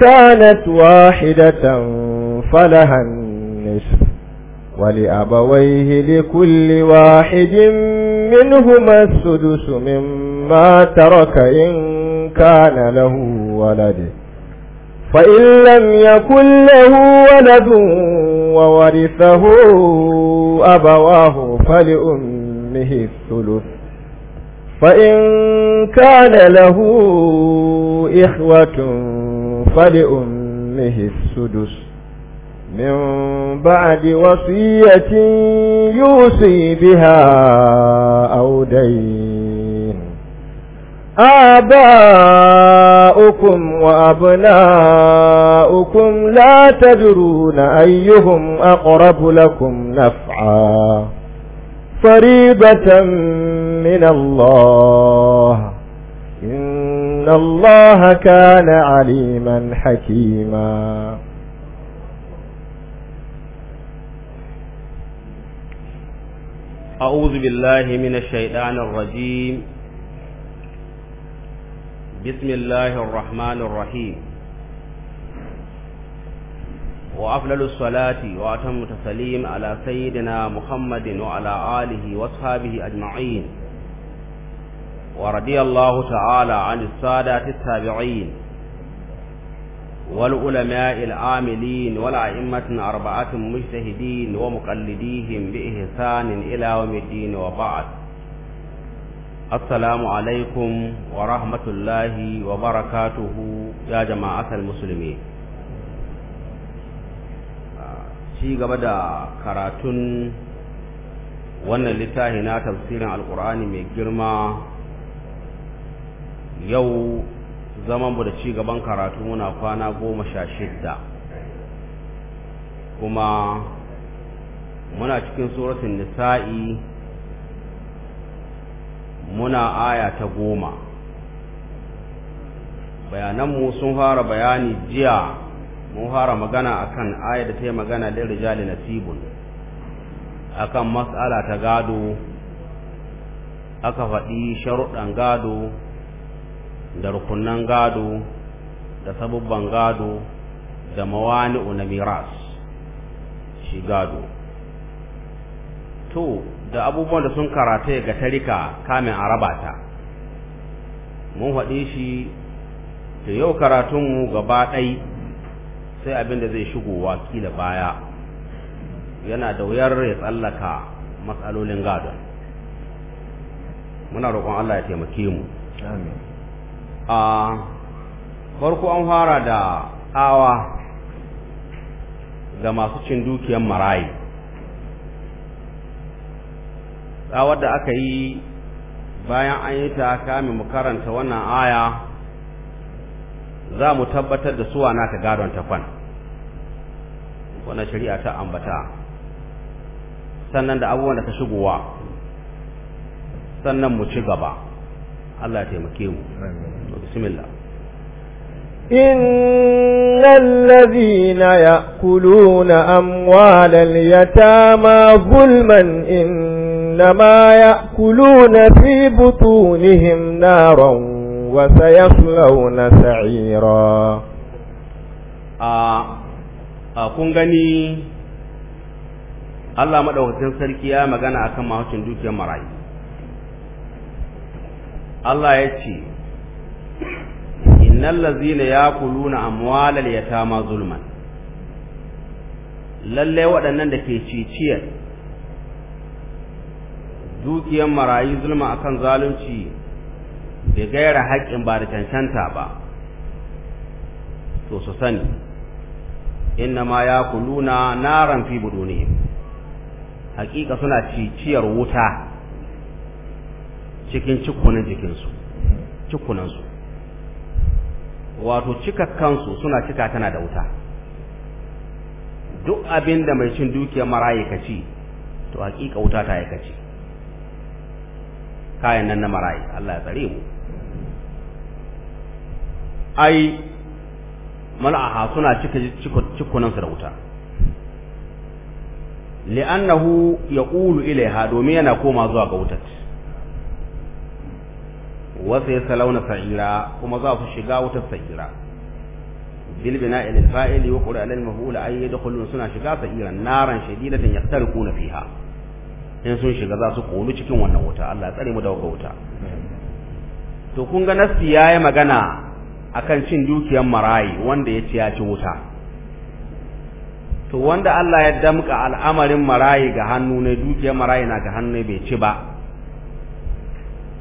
كانت واحدة فلها النصف ولأبويه لكل واحد منهما السدس مما ترك إن كان له ولد فإن لم يكن له ولد وورثه أبواه فلأمه الثلث فإن كان له إخوة فلأمه السدس من بعد وصية يوصي بها أو دين آباؤكم وأبناؤكم لا تدرون أيهم أقرب لكم نفعاً قريبة من الله إن الله كان عليما حكيما أعوذ بالله من الشيطان الرجيم بسم الله الرحمن الرحيم وأفضل الصلاة وأتم التسليم على سيدنا محمد وعلى آله وأصحابه أجمعين ورضي الله تعالى عن السادة التابعين والعلماء العاملين والأئمة أربعة مجتهدين ومقلديهم بإحسان إلى يوم الدين وبعد السلام عليكم ورحمة الله وبركاته يا جماعة المسلمين ci gaba da karatun wannan littafi na tafsirin alkur'ani mai girma yau zamanmu da ci gaban karatu muna kwana goma sha shidda kuma muna cikin suratun nisa'i muna aya ta goma bayananmu sun fara bayani jiya mun fara magana akan ayar da ta yi magana da rijali tibun akan mas'ala ta gado aka faɗi sharuɗan gado da rukunan gado da sabubban gado da mawani'u na miras shi gado to da abubuwan da sun karata ga tarika kamin ta mun faɗi shi ta yau karatunmu gaba ɗaya sai abin da zai shigowa wakila baya yana da wuyar ya tsallaka matsalolin gadon muna roƙon Allah ya taimake mu a farko an fara da tsawa ga masu cin dukiyar marayi tsawar da aka yi bayan an yi ta kame mu karanta wannan aya za mu tabbatar da suwa naka gadon ta kwan wannan shari'a ta ambata sannan da abubuwan da ka shigowa sannan mu ci gaba Allah ya taimake mu to bismillah إن الذين يأكلون أموال اليتامى ظلما إنما يأكلون في بطونهم نارا وسيصلون a kun gani Allah madaukakin sarki ya magana akan mahaucin dukiyar marayu Allah ya ce innal ladzina yaquluna amwalal yatama zulman lalle waɗannan da ke ciciyar dukiyar marayu zulma akan zalunci Bai gaira haƙƙin ba da cancanta ba to su sani inna ma ya kuluna naran fi budunihim hakika suna ciciyar wuta cikin cikunan jikinsu cikunansu wato cikakkansu suna cika tana da wuta duk abin da mai cin dukiyar mara ka ci to hakika wuta ta ya kaci kayan nan na maraye Allah ya tsare mu ai mal'aha suna cika cikunansu da wuta li'annahu yaqulu ilaiha domin yana koma zuwa ga wutar wasu ya salauna sa'ira kuma za su shiga wutar sa'ira bil bina'i lil fa'ili wa qura lil maf'ul ay suna shiga sa'ira naran shadidatan yastariquna fiha in sun shiga za su kulu cikin wannan wuta Allah ya tsare mu da wuta to kun ga nasti yayi magana akan cin dukiyar marayi wanda ya ci ya ci wuta to wanda Allah ya damka al'amarin marayi ga hannu ne dukiyar marayi na ga hannu bai ci ba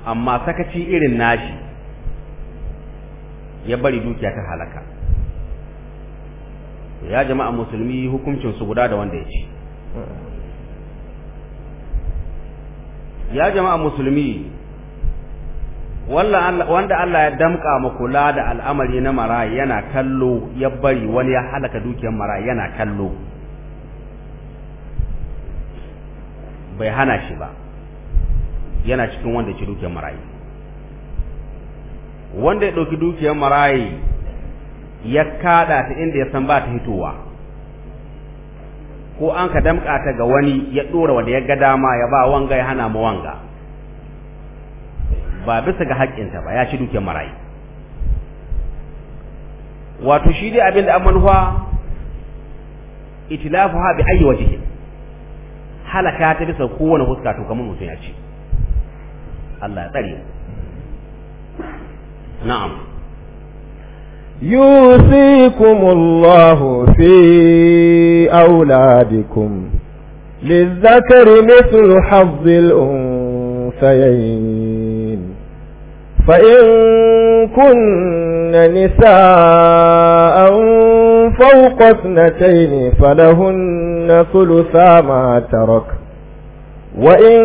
amma sakaci irin nashi ya bari dukiya ta halaka ya jama'a musulmi hukuncin su guda da wanda ya ci ya jama'a musulmi wanda Allah ya damƙa ma kula da al'amari na marayi yana kallo ya bari wani ya halaka dukiyar marayi yana kallo bai hana shi ba yana cikin wanda ke dukiyar marayi wanda ya ɗauki dukiyar marayi ya kada ta inda ya san ba ta hitowa ko an ka damƙa ta ga wani ya ɗora wanda ya ga dama ya ba wanga ya hana mu wanga ba bisa ga haƙƙinsa ba ya ci dukiyar marayi wato shi dai abin da an manufa ha bi ayi wajhi halaka ta bisa kowane huska to kamar mutum ya ci Allah ya tsare na'am يوصيكم الله في أولادكم للذكر مثل حظ الأنثيين فإن كن نساء فوق اثنتين فلهن ثلثا ما ترك وإن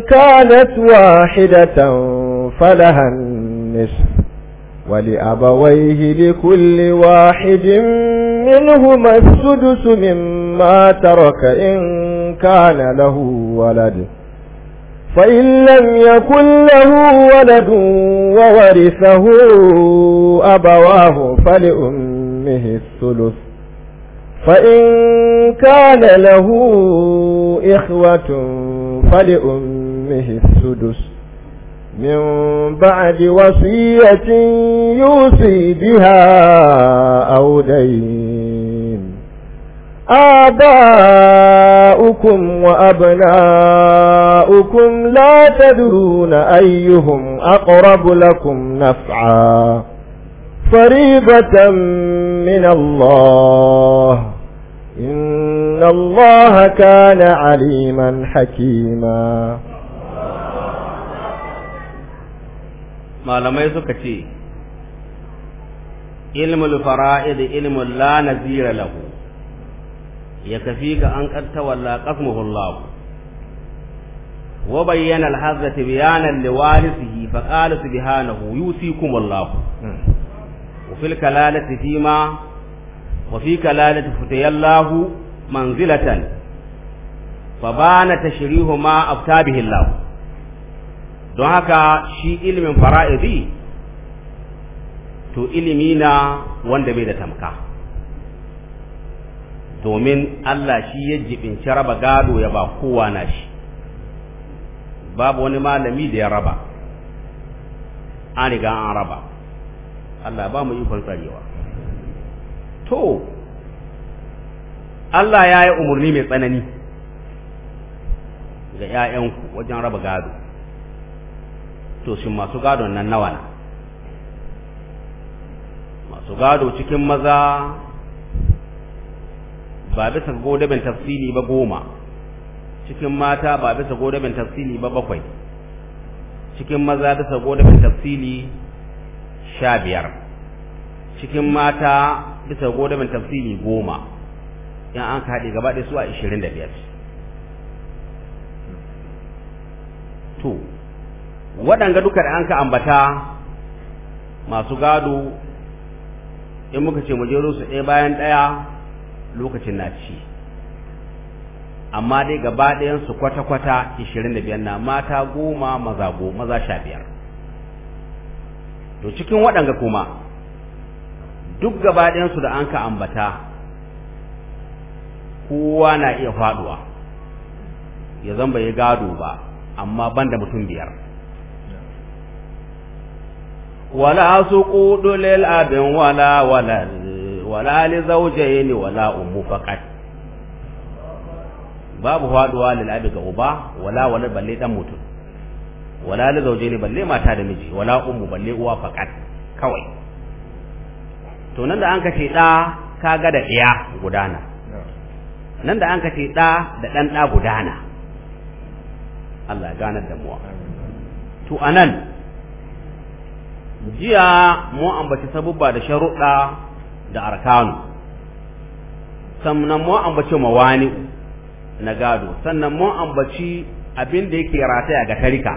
كانت واحدة فلها النصف ولأبويه لكل واحد منهما السدس مما ترك إن كان له ولد فإن لم يكن له ولد وورثه أبواه فلأمه الثلث فإن كان له إخوة فلأمه السدس من بعد وصية يوصي بها أو دين آباؤكم وأبناؤكم لا تدرون أيهم أقرب لكم نفعا فريضة من الله إن الله كان عليما حكيما ما لم يزكتي علم الفرائض علم لا نزير له ya kafi ka an qad tawalla wa bayyana al-hazza bayanan fa qala subhanahu yusikum Allah wa fil kalalati fima wa fi kalalati futayallahu manzilatan fa bana tashrihu ma afta Allah don haka shi ilimin fara'idi to ilimi na wanda bai da tamka domin Allah shi ya jibinci raba gado ya ba kowa na shi babu wani malami da ya raba an riga an raba Allah ba mu ikon tsarewa to Allah ya yi umarni mai tsanani ga ‘ya'yanku wajen raba gado to shi masu gadon nan nawa na masu gado cikin maza ba bisa godabin tafsili ba goma cikin mata ba bisa godabin tafsili ba bakwai cikin maza bisa godabin tafsili sha biyar cikin mata bisa godabin tafsili goma in an kaɗe gaba ɗaya su a ishirin da biyar to waɗanga duka da an ka ambata masu gado in muka ce mu jero su ɗaya bayan ɗaya lokacin na ci amma dai gaba ɗayan su kwata-kwata 25 na mata goma maza goma maza 15 to cikin waɗanga kuma duk gaba ɗayan su da an ka ambata kowa na iya faɗuwa ya zan bai gado ba amma banda mutum biyar ولا سقوط abin wala wala li zawjayni wala ummu faqat babu faduwa lil abi ga uba wala wala balle dan mutum wala li zawjayni balle mata da miji wala ummu balle uwa faqat kawai to nan da an kace da kaga da iya gudana nan da an kace da da dan da gudana Allah ya ganar da mu to anan jiya mu ambaci sabubba da sharuɗa da arkanu sannan mun ambaci mawani na gado sannan mun ambaci abin da yake rataya ga tarika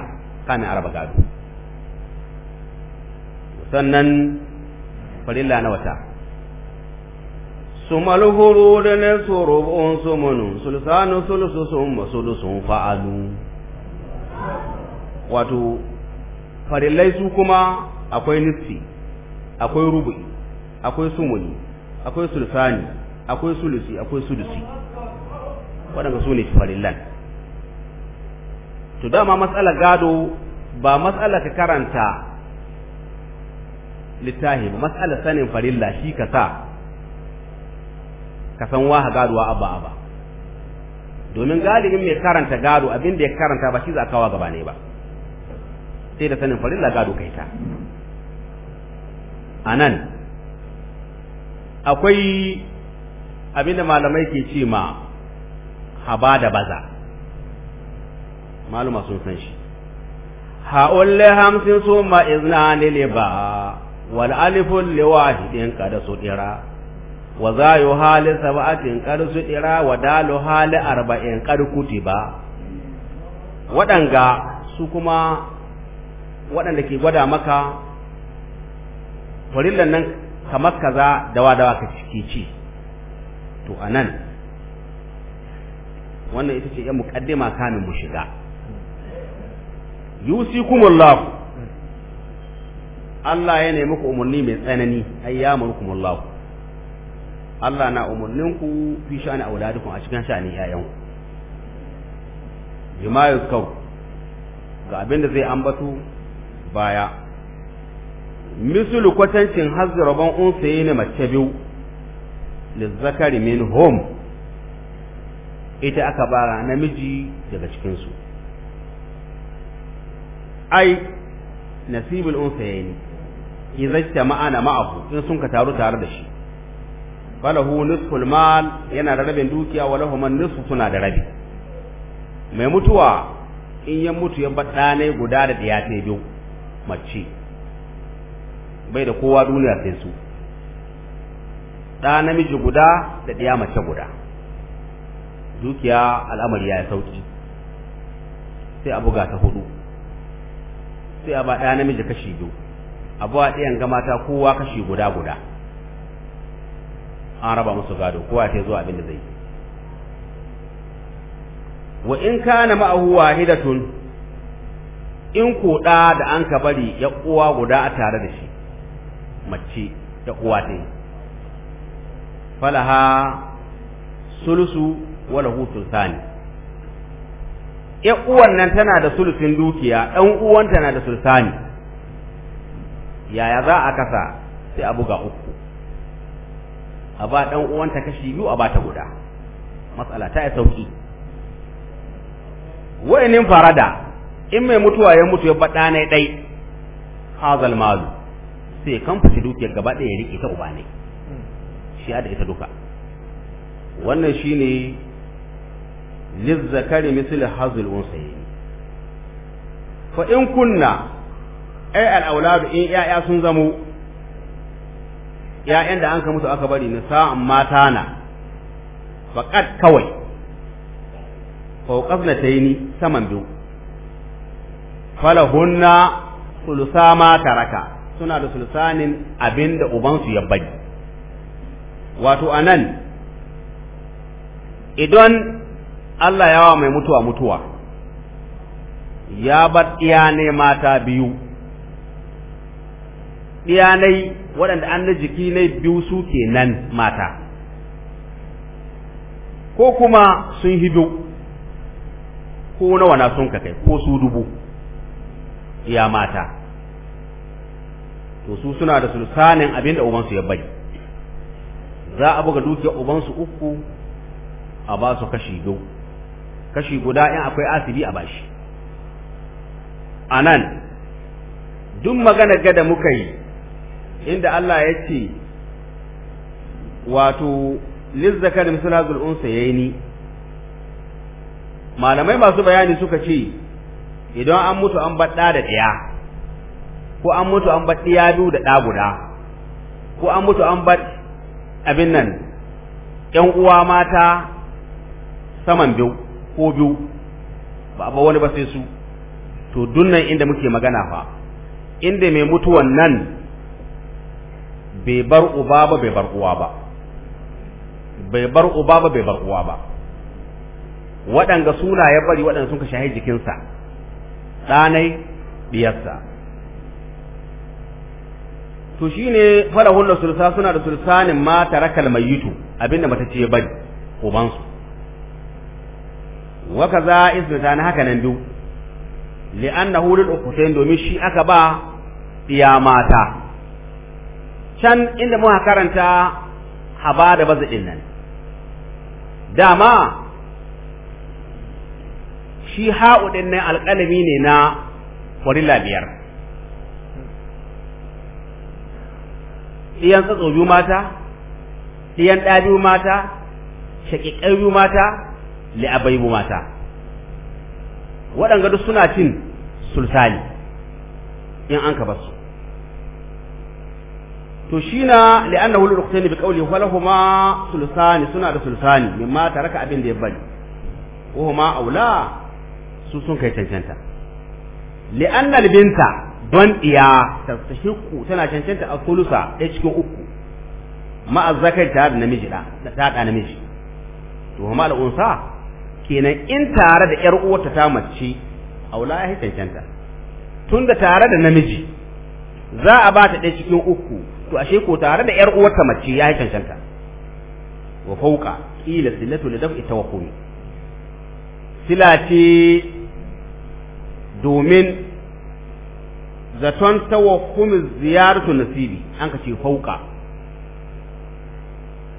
kamin araba gado sannan farilla na wata sumal hurud ne surubun sumunun sulsanu sulsu summa sulusun fa'alu wato farillai su kuma akwai nisfi akwai rubu'i akwai sumuni akwai sulfani akwai sulusi akwai sulusi waɗanda su ne farillan to dama matsalar gado ba matsala ka karanta littafi ba matsalar sanin farilla shi ka sa ka san waha gadowa abba abba domin galibin mai karanta gado abin da ya karanta ba shi za kawo gaba ne ba sai da sanin farilla gado kai ta a nan akwai abinda malamai ke ce ma haba da baza maluma sun san shi ha'ulle hamsin su ma iznani ne ba wal alifun wahidin kada su dira wa za yi hali sab'atin kada su dira wa dalu hali arba'in kada kuti ba waɗanga su kuma waɗanda ke gwada maka farillan nan kamar kaza dawa dawa ka ciki ci to anan wannan ita ce ya muqaddima kamin mu shiga yusikumullahu Allah ya nemi ku umarni mai tsanani ai ya Allah na umarnin ku fi sha'ani auladukum a cikin sha'ani yayan bima kau ga abin da zai ambato baya misulu kwatancin hazzi rabon unsaye ne mace biyu lizzakari min home ita aka bara namiji daga cikinsu ai nasibul unsaye ne izajta ma'ana ma'ahu sun ka taru tare da shi falahu nisful mal yana da rabin dukiya wa lahu man suna da rabi mai mutuwa in ya mutu ya bar ɗanai guda da ɗiya biyu mace bai da kowa duniya sai su ɗa namiji guda da ɗiya mace guda dukiya al'amari ya sauki sai a buga ta hudu sai a ba ɗaya namiji kashi biyu a ba ɗayan ga mata kowa kashi guda guda an raba musu gado kowa sai zuwa abin da zai yi wa in kana ma'ahu wahidatun in ko da da an ka bari ya uwa guda a tare da shi mace da uwa ta yi falaha sulusu wala hutun sani ya uwan nan tana da sulusin dukiya ɗan uwanta na da sulsani yaya za a kasa sai a buga uku a ba ɗan uwanta kashi biyu a ba ta guda matsala ta yi sauki wa'inin farada in mai mutuwa ya mutu ya baɗa na ɗai hazal mazu. sai ya kamfashi dukiyar gaba ɗaya ya riƙe ta uba ne shi da ita duka wannan shi shine lizzakari misali hazul unsayin fa in kunna ai al'auladu in ‘ya'ya sun zamo ‘ya'yan da an ka musu aka bari na sa'an mata na faƙat kawai fauƙas na saman biyu falahunna sulusa ma taraka suna da sulsanin abin da ubansu ya bari wato anan idan Allah yawa mai mutuwa mutuwa ya bar ne mata biyu iyanai waɗanda an na jiki na biyu su nan mata ko kuma sun hidu ko nawa na sun kai ko su dubu ya mata to su suna da sulsanin abin da ubansu ya bari za a buga dukiyar ubansu uku a ba su kashi biyu kashi guda in akwai asibi a bashi a nan duk magana gada muka yi inda Allah ya ce wato lizzakar misala unsa ya yi ni malamai masu bayani suka ce idan an mutu an baɗa da ɗaya ko an mutu an bar ɗiya biyu da ɗa guda ko an mutu an bar abin nan ƴan uwa mata saman biyu ko biyu ba ba wani ba sai su to dunnan inda muke magana fa inda mai mutuwan nan bai bar uba ba bai bar uwa ba bai bar uba ba bai bar uwa ba waɗanga suna ya bari waɗanda sun ka shahi jikinsa ɗanai ɗiyarsa to shine farahun da sulsa suna da sulsanin rakal mai mayitu abinda mata ce bari uban su wa kaza na haka nan biyu li'annahu lil ukhtayn domin shi aka ba iya mata can inda muka karanta haba da bazadin nan dama shi ha'udin nan alƙalami ne na farilla biyar ɗiyan tsatso biyu mata ɗiyan ɗa mata shaƙiƙai biyu mata li'abai biyu mata waɗanga duk suna cin sultani in an ka basu to shi na li'anna wani rukutai ne bi kauli walahuma sultani suna da sultani mata raka abin da ya bari Kuma aula su sun kai cancanta li'anna binta ban iya ta shukku tana cancanta a kulusa ɗaya cikin uku ma'a zakar ta da namiji da ta da namiji to ma unsa kenan in tare da 'yar uwarta ta mace aula ya cancanta tun da tare da namiji za a ba ta ɗaya cikin uku to ashe ko tare da 'yar uwarta mace ya cancanta wa fauka ila silatu lidaf'i tawakkumi sila ce domin zaton kuma ziyaratu nasibi an ka ce fauka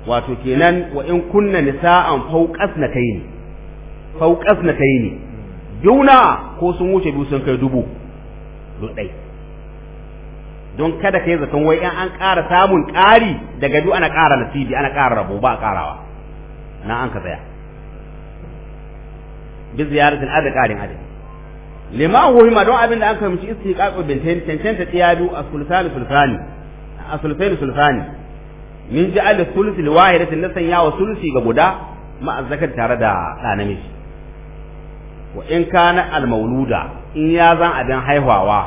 wato kenan wa in kunna nisa'an fauqas na kai ne fauqas na kai ne juna ko sun wuce biyu sun kai dubu dudai don kada kai zaton wai in an ƙara samun ƙari daga duk ana ƙara nasibi ana ƙara rabo ba a ƙarawa na an ka tsaya bi ziyaratin adadin adadin lima wuhima don abin da aka fahimci istiqaqu bil tantanta tiyadu a sulsani sulsani a sulsani sulsani min ji as-suls wahidatin na sanya wa sulsi ga guda ma tare da da namiji wa in kana al-mauluda in ya zan abin haihuwa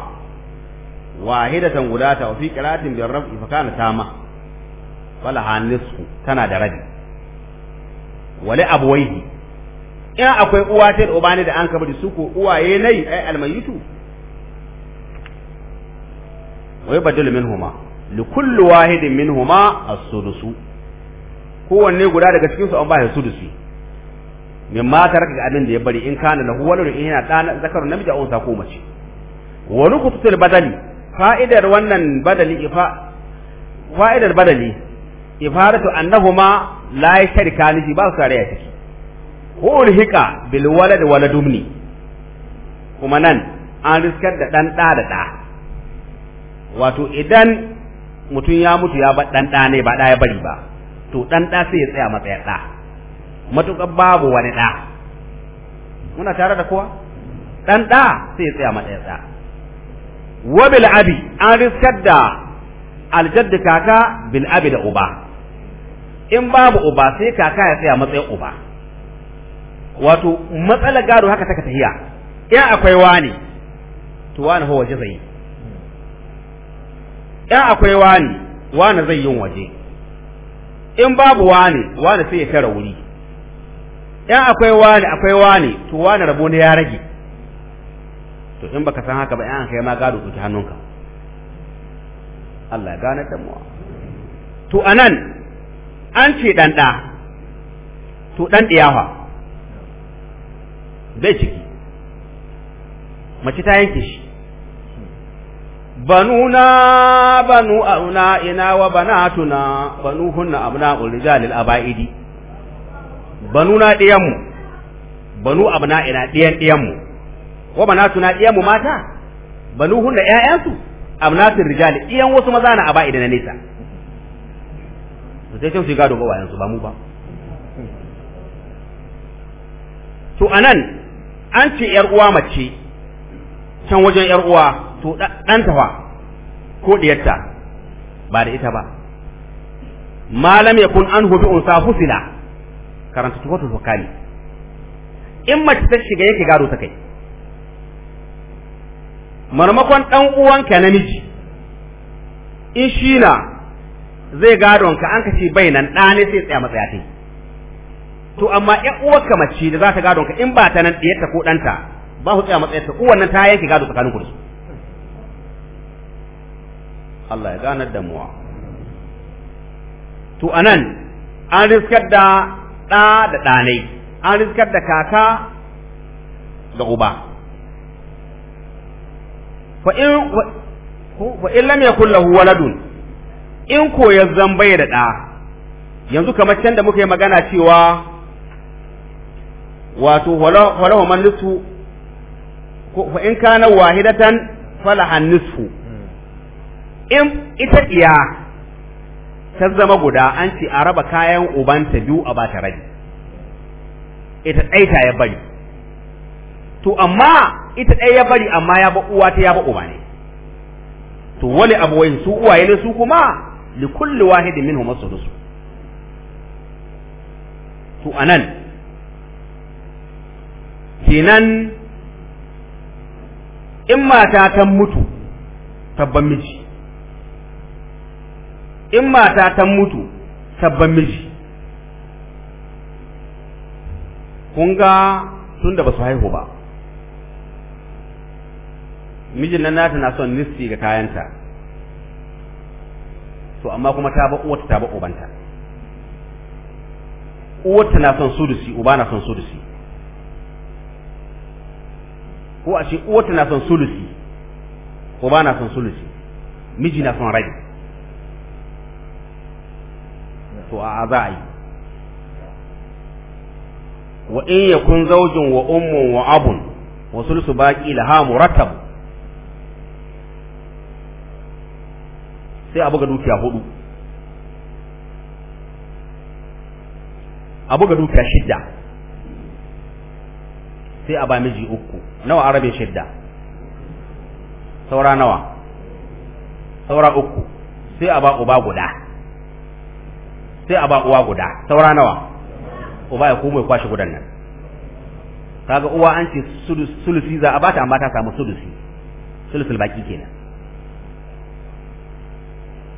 wahidatan guda ta fi qiratin bil raf'i fa kana tama wala hanisku tana da rabi wali abwaihi in akwai uwa ta da uba da an kabari su ko uwaye nai ai almayitu wai badal minhuma li kulli wahidin minhuma as-sudusu kowanne guda daga cikin su an ba shi sudusi min ma taraka ga abin da ya bari in kana lahu walad in yana da zakarun namiji a unsa ko mace wa nukutul badali fa'idar wannan badali ifa fa'idar badali ifaratu annahuma la yashrikani ba su tare ya ciki. ko ulhiqa bil walad waladumni kuma nan an riskar da dan da da wato idan mutum ya mutu ya bar dan da ne ba da ya bari ba to dan da sai ya tsaya matsayar da matukar babu wani da muna tare da kowa dan da sai ya tsaya matsayar da wa bil abi an riskar da aljadd kaka bil abi da uba in babu uba sai kaka ya tsaya matsayin uba wato matsala gado haka take tahiya ya akwai wani to wani ho waje zai ya akwai wani wani zai yin waje in babu wani wani sai ya tara wuri ya akwai wani akwai wani to wani rabo ne ya rage to in baka san haka ba yan kai ma gado ta hannunka Allah ya gane da mu to anan an ce dan da to dan diyawa bai ciki mace ta yanke shi banuna banu auna ina wa banatuna banuhunna abna'ul rijalil abaidi banuna diyanmu banu abna ina diyan diyanmu wa banatuna diyanmu mata banuhunna ƴaƴansu abnatul rijal diyan wasu maza na abaidi na nesa sai sai su gado ba wayansu ba mu ba to anan an ce ‘yar uwa mace can wajen ‘yar uwa to ɗanta fa ko ɗiyarta ba da ita ba malam ya kun an hufi unsa fusila karanta tukotul fukali in mace ta shiga yake gado ta kai marmakon ɗan uwanka namiji in shi na zai gadon ka an ka bai nan ɗane sai tsaya matsayatai to amma ƴan uwarka mace da za ta gadon ka in ba ta nan ɗiyarta ko ɗanta ba su tsaya matsayarta uwar nan ta yanke gado tsakanin ku da su Allah ya ganar da muwa to nan an riskar da ɗa da ɗanai an riskar da kaka ga uba fa in fa in lam yakul lahu waladun in ko ya da ɗa yanzu kamar can da muka yi magana cewa wato falahu man nisfu fa in kana wahidatan falaha nisfu in ita iya ta zama guda an ce a raba kayan ubanta biyu a bata rai ita ta ya bari to amma ita ɗaya ya bari amma ya ba uwa ta ya ba uba ne to wani abuwayin su uwaye ne su kuma li kulli wahidin minhum as-sudus to anan kenan in mata ta mutu tabban miji in mata ta mutu sabban miji kun ga da ba su haihu ba mijin nan nata na son nisti ga kayanta to amma kuma ta ba uwata ta ba ubanta uwata na son sudusi uba na son sudusi ko a ce uwata na son sulusi ko ba na son sulusi miji na son rai to a za a yi wa in yakun zaujin wa ummun wa abun wa sulusu baqi ha murattab sai a buga dukiya hudu a buga dukiya shidda sai a ba miji uku nawa arabe shidda saura nawa saura uku sai a ba uba guda sai a ba uwa guda saura nawa uba ya kuma kwashe gudan nan kaga uwa an ce sulusi za a bata amma ta samu sulusi sulusul baki kenan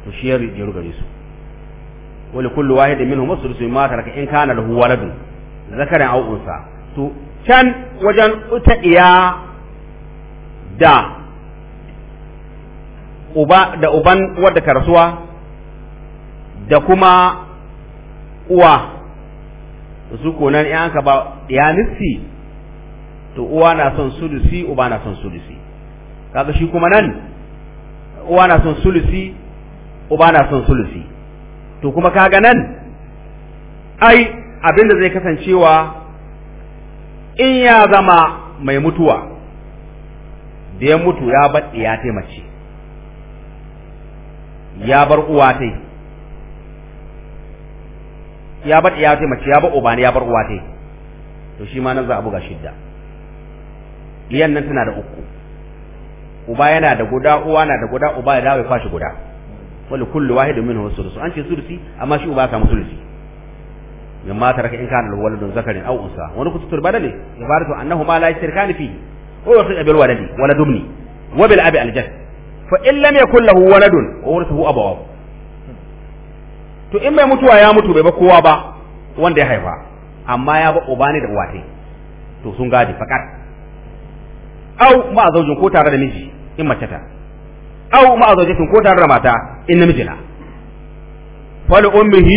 to shi ya rugare su wani kullu min minhum sulusi ma raka in kana lahu waladun zakaran aw unsa to can wajen iya da uba da uban wadda karsuwa da kuma uwa su konan in an ka ba ɗiyanissi to uwa na son sulusi uba na son sulusi kaga shi kuma nan uwa na son sulusi uba na son sulusi to kuma kaga nan ai abinda zai kasancewa in ya zama mai mutuwa da ya mutu ya bar ya taimace ya bar uwa tai ya bar ya taimace ya bar uba ne ya bar uwa tai to shi ma nan za a buga shidda diyan nan tana da uku uba yana da guda uwa na da guda uba ya dawo ya fashi guda wani kullu wahidu minhu sulusu an ce sulusi amma shi uba ya samu sulusi mimma taraka in kana walidun zakarin aw unsa wani kututul badali ibaratu annahuma la yashirkani fi wa yukhriju bil waladi waladun wa bil abi al jadd fa in lam yakul lahu waladun wa warithuhu abawahu to in mai mutuwa ya mutu bai ba kowa ba wanda ya haifa amma ya ba uba ne da uwa to sun gadi fakat aw ma zaujin ko tare da miji in mace ta aw ma zaujin ko tare da mata in namiji na فلأمه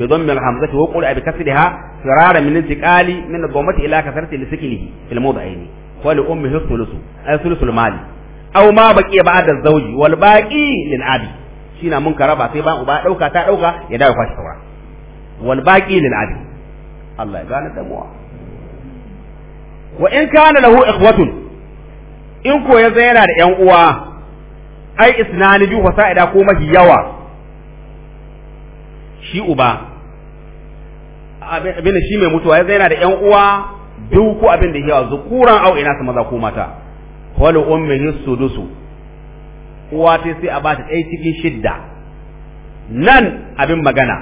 بضم الحمزة وقرأ بكسرها فرارا من انتقال من الضمة إلى كثرة لسكنه في الموضعين فلأمه الثلث أي ثلث المال أو ما بقي بعد الزوج والباقي للأبي شينا منكر با سيبا وبا دوكا تا دوكا يدا يفاش ثورا والباقي للأبي الله يغانا دموا وإن كان له إخوة إن كو يزينا da ƴan uwa ai isnani ju fasa'ida ko mafi yawa shi uba abin shi mai mutuwa ya zaina da yan uwa duk ko abin da yawa zukuran au ina su maza ko mata wala ummihi sudusu uwa ta sai a bata ɗaya cikin shidda nan abin magana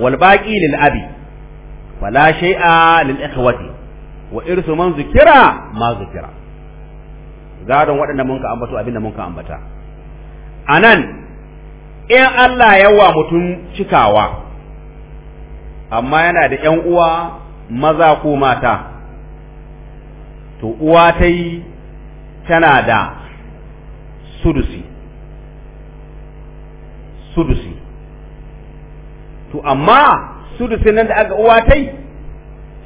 wal baqi lil abi wala shay'a lil ikhwati wa irsu man zikira ma zikira gadon waɗanda mun ka ambato abin da mun ka ambata anan in Allah yawa mutum cikawa amma yana da ƴan uwa maza ko mata to uwa ta yi tana da sudusi sudusi to amma sudusi nan da aka uwa ta yi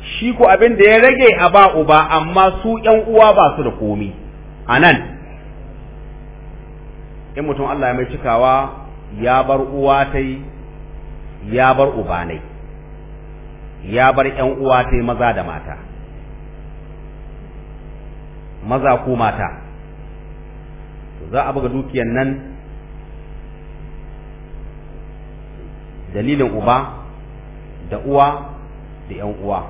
shi ko abin da ya rage a ba uba amma su ƴan uwa ba su da komi a nan in mutum Allah ya mai cikawa ya bar uwa ta ya bar ubanai ya bar ƴan uwa ta maza da mata maza ko mata za a buga dukiyar nan dalilin uba da uwa da ƴan uwa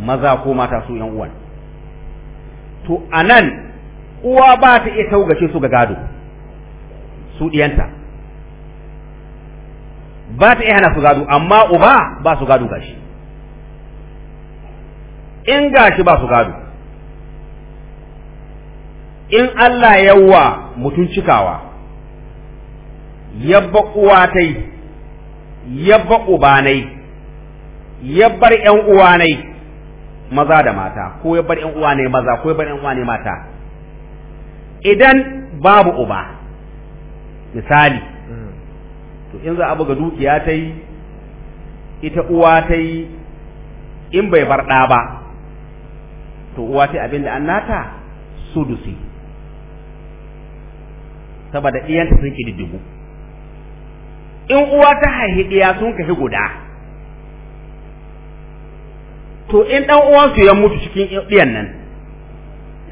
maza ko mata su ƴan uwan to anan uwa ba ta iya taugace su ga gado su diyanta ba ta iya hana su gado amma uba ba su gado gashi in gashi ba su gado in Allah wa mutum cikawa yabba uwatai yabba ubanai yabbar ƴan uwanai maza da mata ko yabbar ƴan uwanai maza ko yabbar ƴan uwanai mata idan babu uba misali mm. to in za a buga dukiya ta yi ita uwa ta yi in bai bar ɗa ba to uwa ta abinda an nata dusi saboda iyanta sun ƙididdigu in uwa ta haihi ɗiya sun kashi guda to in ɗan su ya mutu cikin ɗiyan nan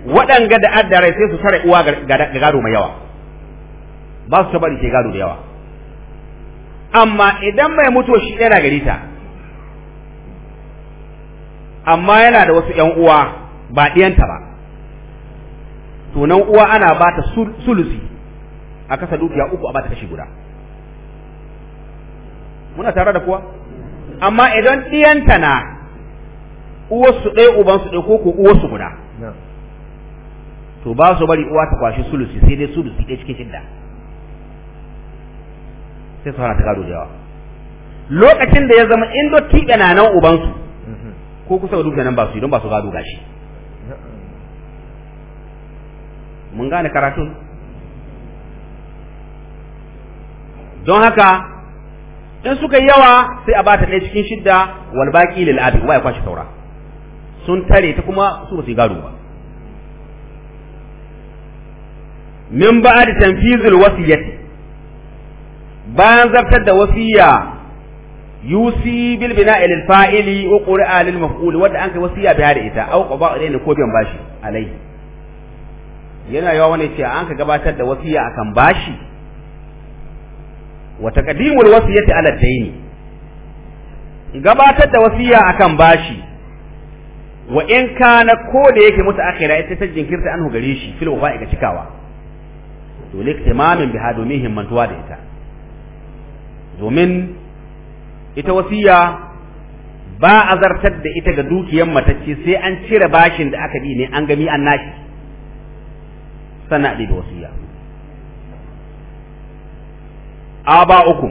waɗanga da addarai sai su tare uwa ga gado mai yawa ba su bari ke gado da yawa amma idan mai mutuwa shi yana gari ta amma yana da wasu 'yan uwa ba ɗiyanta ba to nan uwa ana ba ta sulusi a kasa dukiya uku a ba ta kashi guda muna tare da kuwa amma idan ɗiyanta na uwarsu ɗaya ubansu ɗaya ko ko uwarsu guda to ba su bari uwa ta kwashi sulusi sai dai sulusi ɗaya cikin shidda sai su ta gado da yawa lokacin da ya zama indo tiɗa na nan ubansu ko kusa ga dukkanin ba su yi don ba su gado gashi mun gane karatun don haka in suka yi yawa sai a bata ɗaya cikin shidda walbaƙi baki lil wa ya kwashi saura sun tare ta kuma su ba su gado ba min ba'd tanfizul wasiyati bayan zartar da wasiya yusi bil bina'i lil fa'ili wa qur'a lil maf'ul wanda an kai wasiya biya da ita au qaba ilayni ko biyan bashi alai yana yawa ne ce an ka gabatar da wasiya akan bashi wa taqdimul wasiyati ala dayni gabatar da wasiya akan bashi wa in kana ko da yake mutu akhira ita ta jinkirta anhu gare shi fil wafa'i ga cikawa to liktimamin biha domin himmantuwa da ita domin ita wasiya ba a zartar da ita ga dukiyar matacce sai an cire bashin da aka bi ne an gami an nashi sana da wasiya ba uku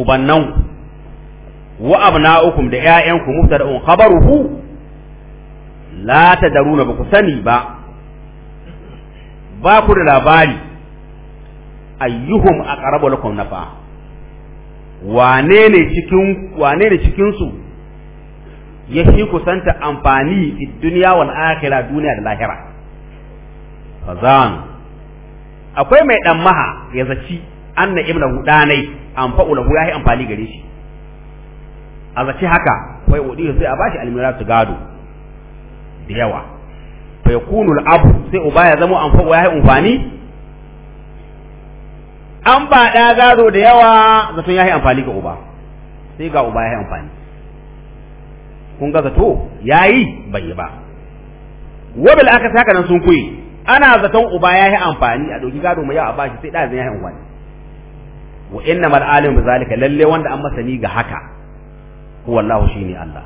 ubannan wa abna uku da ƴaƴanku mubtada'un khabaruhu la tadaruna ba ku sani ba ba ku da labari ayyuhum aqrabu lakum nafa wane ne cikin wane ne cikin su ya shi kusanta amfani a duniya wal akhirah duniya da lahira fazan akwai mai dan maha ya zaci anna ibnu danai an fa'u lahu yahi amfani gare shi a zaci haka kai wudi sai a bashi almiratu gado da yawa fa yakunu al abu sai uba ya zama an fa'u yahi amfani an ba ɗa gado da yawa zaton ya yi amfani ga uba sai ga uba ya yi amfani kun ga zato ya yi bai yi ba wabil aka saka nan sun kuyi ana zaton uba ya yi amfani a ɗauki gado mai yawa a bashi sai ɗazin ya yi amfani wa inna mal alim bi zalika lalle wanda an masani ga haka huwa shi shine Allah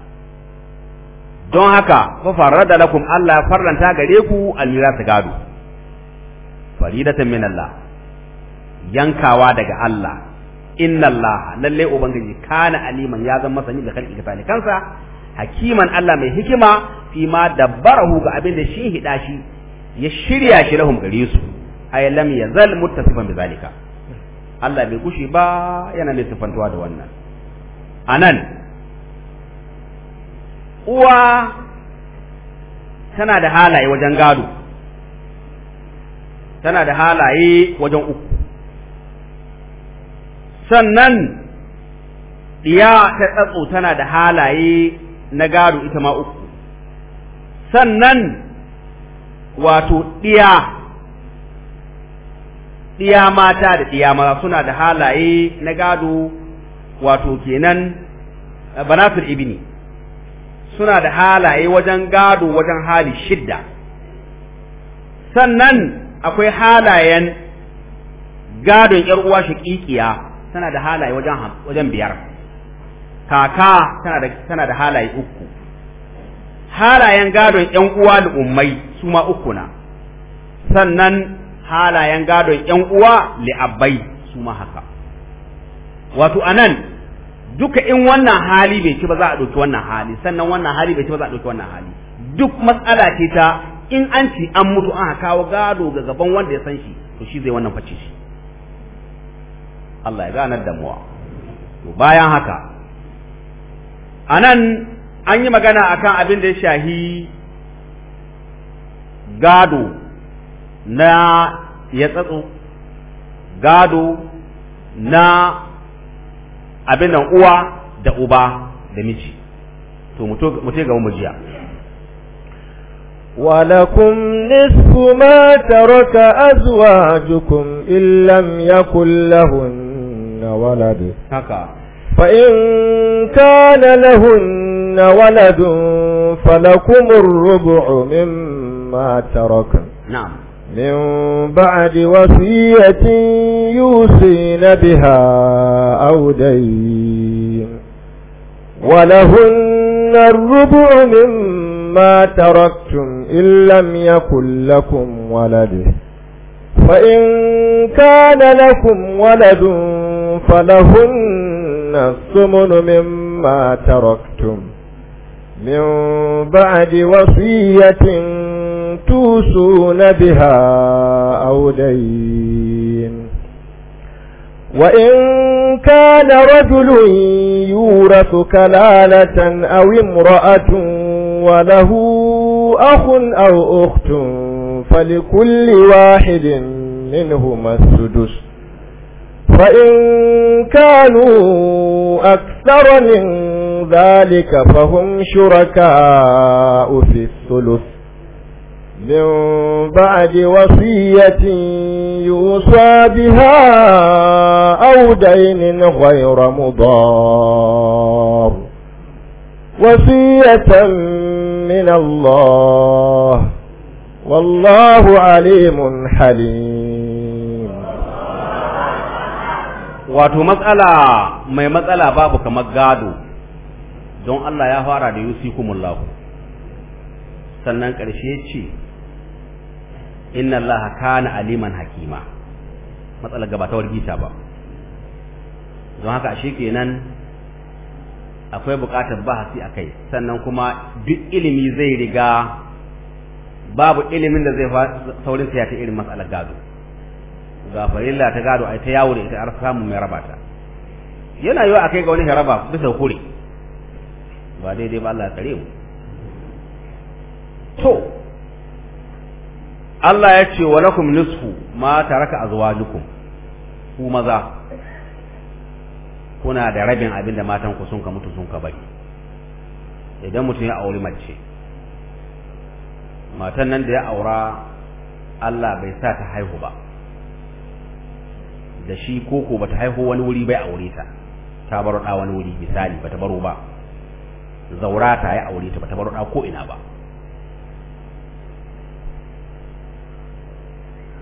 don haka fa farada lakum Allah faranta gare ku al gado faridatan min Allah yankawa daga Allah inna Allah lalle ubangiji kana aliman ya zama masani da kalki ga sa hakiman Allah mai hikima fi ma dabbarahu ga abin da shi hida shi ya shirya shi lahum gare su ay lam yazal muttasifan bi zalika Allah bai kushi ba yana mai sifantuwa da wannan anan uwa tana da halaye wajen gado tana da halaye wajen uku sannan ɗiya ta tsatso tana da halaye na gado ita ma uku sannan wato ɗiya ɗiya mata da ɗiya maza suna da halaye na gado wato kenan banafir ibini suna da halaye wajen gado wajen hali shidda sannan akwai halayen gadon uwa shaƙiƙiya tana da halaye wajen wajen biyar kaka tana da tana da halaye uku halayen gadon yan uwa da ummai su ma uku na sannan halayen gadon yan uwa li'abbai su ma haka wato anan duka in wannan hali bai ci ba za a ɗauki wannan hali sannan wannan hali bai ci ba za a ɗauki wannan hali duk matsala ce ta in an ci an mutu an kawo gado ga gaban wanda ya san shi to shi zai wannan face shi Allah ya ganar da muwa bayan haka A nan, an yi magana a kan abin da ya shahi gado na ya tsatso gado na abin nan uwa da uba da miji to mu ga mu ولكم نصف ما ترك أزواجكم إن لم يكن لهن fa'inka da na kunna wala dun falakunan rubutu min ma ta roƙa min ba'a da wasu yankin yiwu suna biyan awu dai yi. wala kunna rubutu min ma ta roƙa tun illan ya kulla kun wala da. fa'inka da na kunna wala فلهن الثمن مما تركتم من بعد وصية توسون بها أو دين وإن كان رجل يورث كلالة أو امرأة وله أخ أو أخت فلكل واحد منهما السدس فإن كانوا أكثر من ذلك فهم شركاء في الثلث من بعد وصية يوصى بها أو دين غير مضار وصية من الله والله عليم حليم wato matsala mai matsala babu kamar gado don Allah ya fara da yusikumullahu sannan ƙarshe ce inna Allah kana aliman hakima matsalar gaba ta wargita ba don haka ashe kenan akwai buƙatar bahasi kai sannan kuma duk ilimi zai riga babu ilimin da zai saurin ta irin matsalar gado ga farilla ta gado ai ta yawo da ita har samu mai raba ta yana yiwa akai ga wani ya raba bisa kure ba daidai ba Allah kare mu to Allah ya ce wa lakum nisfu ma taraka azwajukum ku maza kuna da rabin abinda da matan ku sun ka mutu sun ka bari idan mutum ya auri mace matan nan da ya aura Allah bai sa ta haihu ba da shi koko bata haihu wani wuri bai aure ta ta baro da wani wuri misali bata baro ba zaura ta ya aure ta bata baro da ko ina ba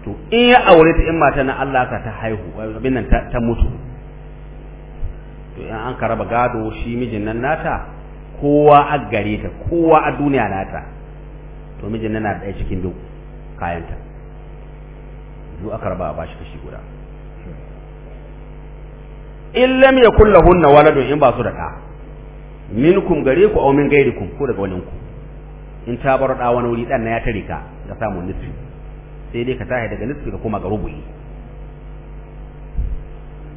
to in ya aure ta in mata na Allah ka ta haihu abin nan ta mutu to in an karaba gado shi mijin nan nata kowa a gare ta kowa a duniya nata to mijin nan na da cikin duk kayanta duk aka raba a bashi kashi guda in lam yakul lahunna waladun in ba su da ɗa, minkum gare ku aw min gairikum ko daga wani ku in ta bar da wani wuri dan na ya tare ka ga samu nisfi sai dai ka tahi daga nisfi ka koma ga rubu'i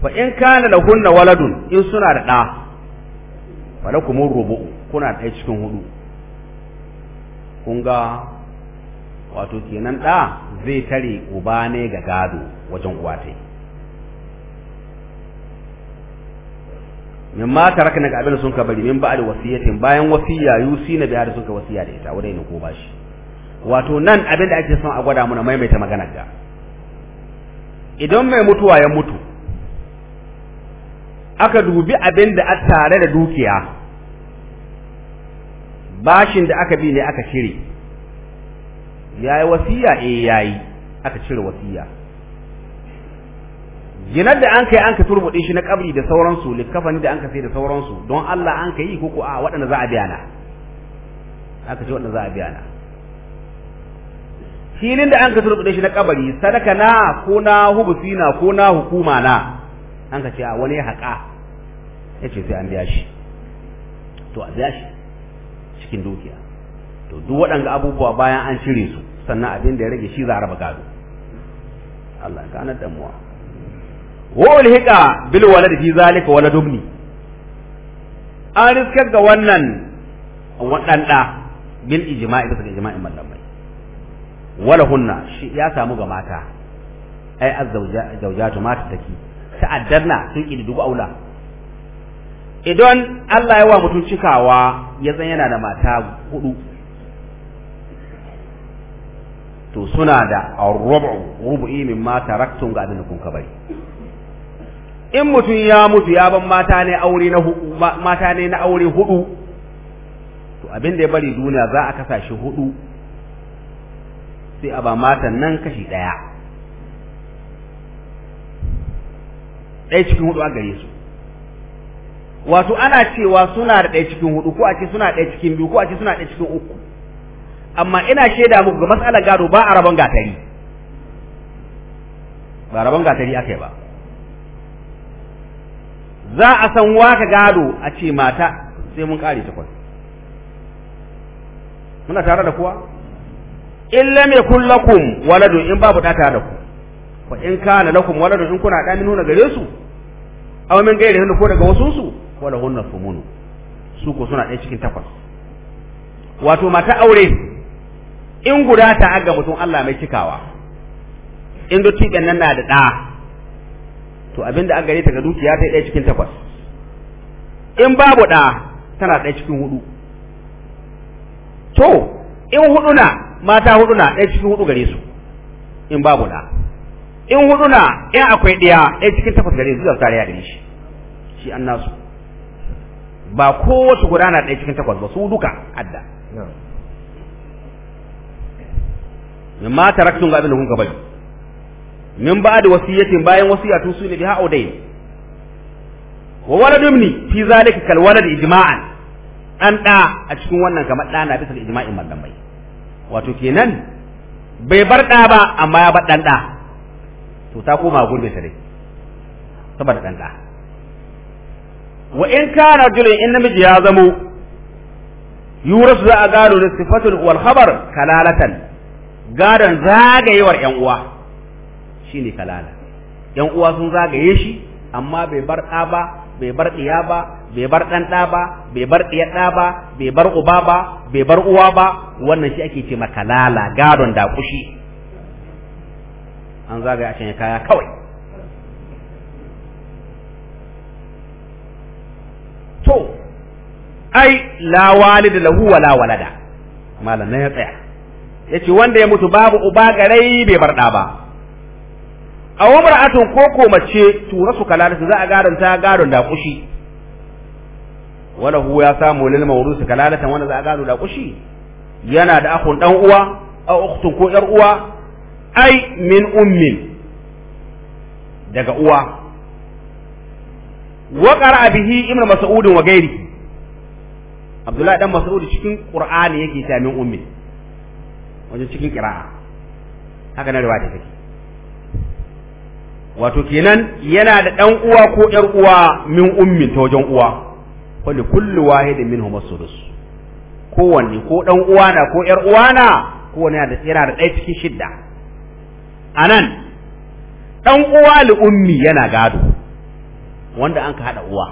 fa in kana lahunna waladun in suna da da falakum rubu kuna da cikin hudu kun ga wato kenan da zai tare uba ne ga gado wajen uwa tai min ma tarakna ga abin da sun ka bari min da wasiyatin bayan wasiya yusina bi hada sun ka wasiya da ita wadai ne ko bashi wato nan abin da ake son a gwada muna maimaita maganar ga idan mai mutuwa ya mutu aka dubi abin da a tare da dukiya bashin da aka bi ne aka cire yayi wasiya eh yayi aka cire wasiya ginar da an kai an ka turbuɗe shi na kabri da sauransu likafani da an ka sai da sauransu don Allah an ka yi ko a waɗanda za a biya na aka ce waɗanda za a biya na filin da an ka turbuɗe shi na kabari sadaka na ko na hubusi na ko na hukuma na an ka ce a wani haƙa ya ce sai an biya shi to a biya shi cikin dukiya to duk waɗanda abubuwa bayan an cire su sannan abin da ya rage shi za a raba gado Allah ka damuwa wa ulhiqa bil walad fi zalika walad ibni an riskar ga wannan wadanda bil ijma'i bisa ijma'in mallamai wala hunna shi ya samu ga mata ai azzaujatu mata take ta'addarna sun kididugo aula idan Allah ya wa mutum cikawa ya zan yana da mata hudu to suna da rubu rubu'i min mata taraktum ga abin da kun bari in mutum ya mutu ya ban mata ne aure na hudu mata ne na aure hudu to abin da ya bari duniya za a kasa shi hudu sai a ba matan nan kashi daya ɗaya cikin hudu a gare su wato ana cewa suna da ɗaya cikin hudu ko a ce suna ɗaya cikin biyu ko a ce suna ɗaya cikin uku amma ina shaida muku ga matsalar gado ba a rabon gatari ba rabon gatari aka yi ba za a san waka gado a ce mata sai mun kare takwas muna tare da kuwa in lam yakul lakum waladun in babu da tare da ku fa in kana lakum waladu in kuna da nuna gare su aw min gairi hin ko daga wasu su wala hunna fumunu su ko suna ɗaya cikin takwas wato mata aure in guda ta ga mutum Allah mai cikawa in duk nan na da ɗa to abinda an gare ta ga dukiya ta ɗaya cikin takwas in babu ɗa tana ɗaya cikin hudu to in hudu na mata hudu na ɗaya cikin hudu gare su in babu ɗa in hudu na in akwai ɗaya ɗaya cikin takwas gare su da tare ya gare shi shi an nasu ba kowace guda na ɗaya cikin takwas ba su duka adda mata raktun ga abin da kun gabali min ba'da wasiyatin bayan wasiyatu tun su ne biha audain wa walad ibni fi zalika kal walad ijma'an an da a cikin wannan kamar da na bisa ijma'in bai wato kenan bai bar da ba amma ya bar dan da to ta koma gurbin sa dai saboda dan da wa in kana rajulun in namiji ya zamo yurasu za a gado da sifatul wal khabar kalalatan gadon zagayewar yan uwa ne kalala yan uwa sun zagaye shi amma bai bar ɗa ba bai bar ɗiya ba bai bar ɗan ɗa ba bai bar ɗiyar ɗa ba bai bar uba ba bai bar uwa ba wannan shi ake ce makalala gadon da kushi an zagaye a can kaya kawai to ai la walida lahu wala walada malam na ya tsaya yace wanda ya mutu babu uba garai bai bar ɗa ba a atun ko ko mace tura su kalalata za a gadon ta gadon da kushi wala hu ya samu lil mawrusi kalalatan wanda za a gado da kushi yana da akon dan uwa a uktun ko yar uwa ai min ummin daga uwa wa qara bihi ibnu mas'ud wa gairi abdullahi dan mas'ud cikin qur'ani yake ta min ummi wajen cikin qira'a haka na riwaya take wato kenan yana da ɗan uwa ko ƴar uwa min ummin ta wajen uwa wani kullu wahidin min huma sudus kowanne ko ɗan uwa na ko ƴar uwa na kowanne yana da tsira da ɗaya cikin shidda nan ɗan uwa li ummi yana gado wanda an ka haɗa uwa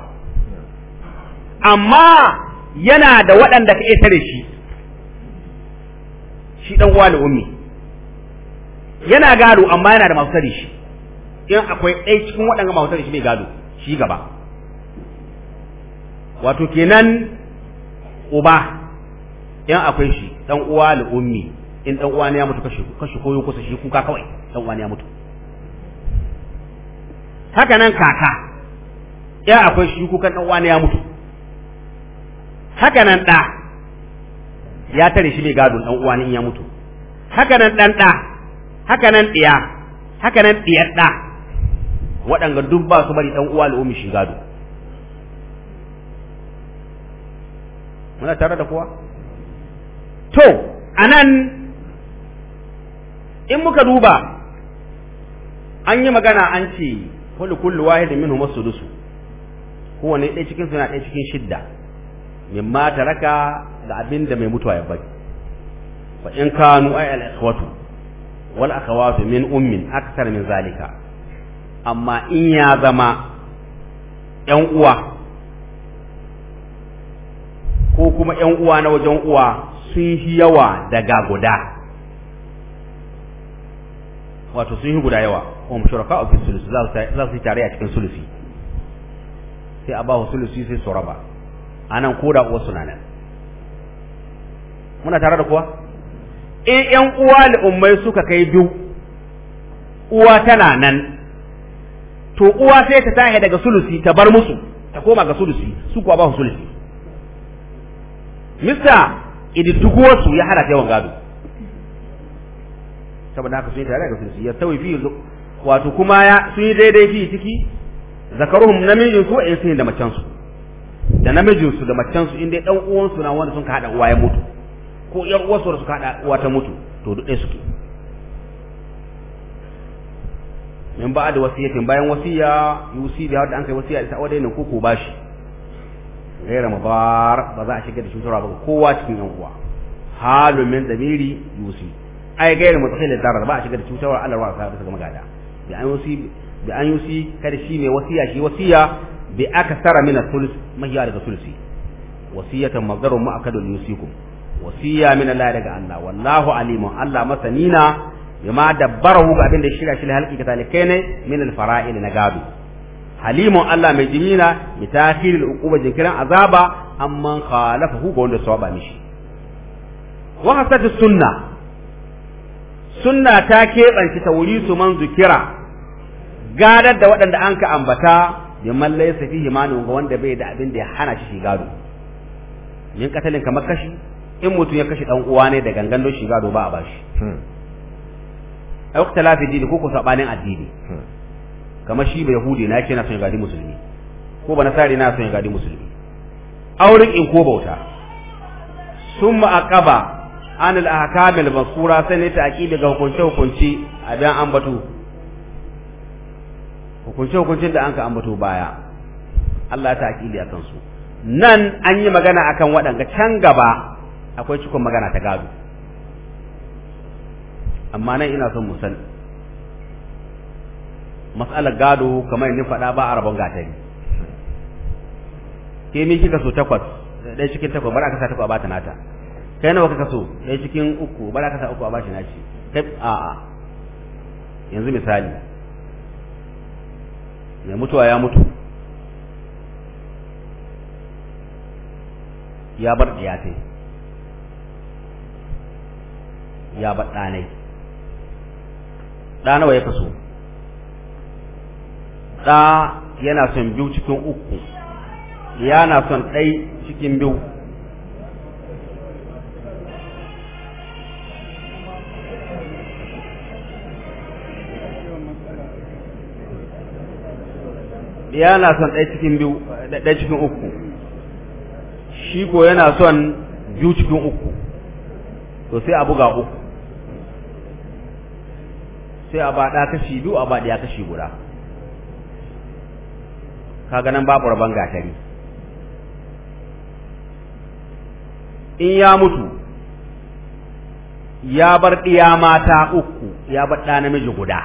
amma yana da waɗanda ka iya tare shi shi ɗan uwa li ummi yana gado amma yana da masu tare shi in akwai ɗaya cikin waɗanda mahutar shi mai gado shi gaba wato kenan uba in akwai shi ɗan uwa da ummi in ɗan uwa ne ya mutu kashi koyo kusa shi kuka kawai ɗan uwa ne ya mutu haka nan kaka ya akwai shi kuka ɗan uwa ne ya mutu haka nan ɗa ya tare shi mai gado ɗan uwa ne ya mutu haka nan ɗan ɗa haka nan ɗiya haka nan ɗiyar ɗa waɗanga duk ba su bari ɗan uwa al'ummi shi gado muna tare da kowa to anan in muka duba an yi magana an ce kullu kullu wahidin minhu masudusu kowane ɗaya cikin suna ɗaya cikin shidda mimma taraka da abin da mai mutuwa ya bari fa in kanu ay al-ikhwatu wal akhawatu min ummin akthar min zalika amma in ya zama ‘yan uwa ko kuma ‘yan uwa na wajen uwa sun yi yawa daga guda wato sun yi guda yawa kuma shuraka a cikin sulusi za su yi tare a cikin sulusi sai a ba sulusi sai su raba a nan ko da uwarsu na nan muna tare da kuwa in ‘yan uwa al'ummai suka kai biyu uwa tana nan to uwa sai ta tahe daga sulusi ta bar musu ta koma ga sulusi su kuwa ba su sulusi mista duk su ya hana yawan gado saboda haka sun tare daga sulusi ya tawi fi wato kuma ya sun yi daidai fi ciki zakaruhum namijin su in sun da macen su da namijin su da macen su inda dan uwan su na wanda sun ka hada uwa ya mutu ko yar uwar su ka hada uwa ta mutu to duk dai suke In min da wasiyatin bayan wasiya yusi da wanda an kai wasiya ita aure ne ko ko bashi gaira mabar ba za a shiga da cutarwa ba kowa cikin yan uwa halu min damiri yusi ai gaira mutahil darar ba a shiga da cutarwa Allah ruwa ka bisa ga magada bi an yusi bi an yusi kada shi mai wasiya shi wasiya bi aksara min al-thuluth mahiya daga thuluthi wasiyatan mazdarun ma akadul yusikum wasiya min Allah daga Allah wallahu alimun Allah masanina bima barahu ga abin da shirya shi halki katalikai ne min alfara'il na gado halimun Allah mai jimina bi takhiril uquba jinkiran azaba amman khalafahu ga wanda saba mishi wa hasatu sunna sunna ta keɓance ta wuri su man zukira gadar da waɗanda an ka ambata bi man laysa fihi manu ga wanda bai da abin da ya hana shi gado yin katalin kamar kashi in mutum ya kashe dan uwa ne da gangan don shi gado ba a bashi ai ikhtilafi dini ko ku sabanin addini hmm. kamar shi bai yahudi na yake na son gadi musulmi ko ba nasari na son gadi musulmi auren in ko bauta summa aqaba an al ahkam al basura sai ne ta aqibi ga hukunce hukunci a bayan ambato hukunce hukunce da an ka ambato baya Allah ta aqibi akan su nan an yi magana akan waɗanga can gaba akwai cikon magana ta gado amma nan ina son mu san mas'alar gado kamar ni faɗa ba a rabon gatari ke mi kika so takwas ɗaya cikin takwas bara ka sa takwas a bata nata kai nawa kika so ɗaya cikin uku bara ka sa uku a na naci kai a'a yanzu misali mai mutuwa ya mutu ya bar diyatai ya bar ɗanai ɗa nawa ya kaso ɗa yana son biyu cikin uku yana son ɗai cikin biyu yana son ɗai cikin biyu ɗai cikin uku shi ko yana son biyu cikin uku to sai a buga uku sai a ba ɗa kashi biyu a ba ɗaya kashi guda ka nan babu rabon gatari in ya mutu ya bar ɗiya mata uku ya bar ɗa namiji guda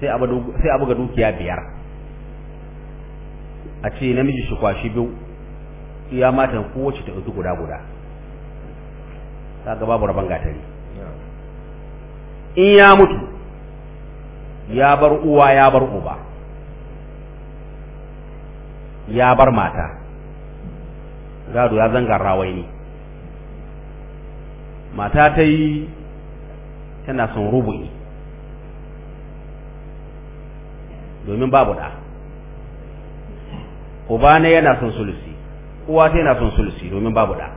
sai a buga dukiya biyar a ce namiji shi kwashi biyu ɗiya mata kowace ta ɗauki guda guda kaga babu rabon gatari in ya mutu ya bar uwa ya bar uba ya bar mata gado ya zangar rawai ne mata ta yi tana son rubu'i domin babu da uba ne yana son sulusi uwa ta yana son sulusi domin babu da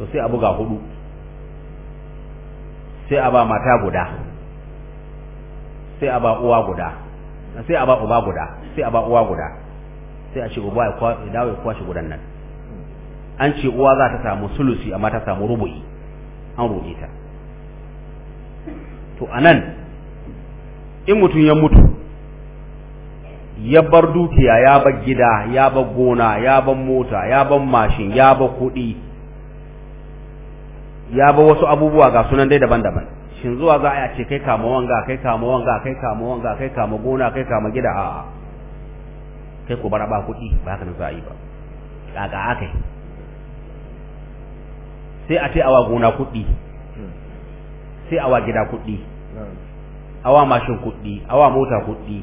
to sai a buga hudu sai a ba mata guda sai a ba uwa guda sai a ba uba guda sai a ba uwa guda sai a ce uba ya dawo ya kwashi gudan nan an ce uwa za ta samu sulusi amma ta samu rubu'i an roƙe ta to anan in mutum ya mutu ya bar dukiya ya bar gida ya bar gona ya bar mota ya bar mashin ya bar kuɗi ya ba wasu abubuwa ga sunan dai daban-daban shin zuwa za a ce kai kama wanga kai kama wanga kai kama wanga kai kama gona kai kama gida a kai ko bara ba kuɗi ba haka nan za a yi ba kaga aka yi sai a ce awa gona kuɗi sai awa gida kuɗi awa mashin kuɗi awa mota kuɗi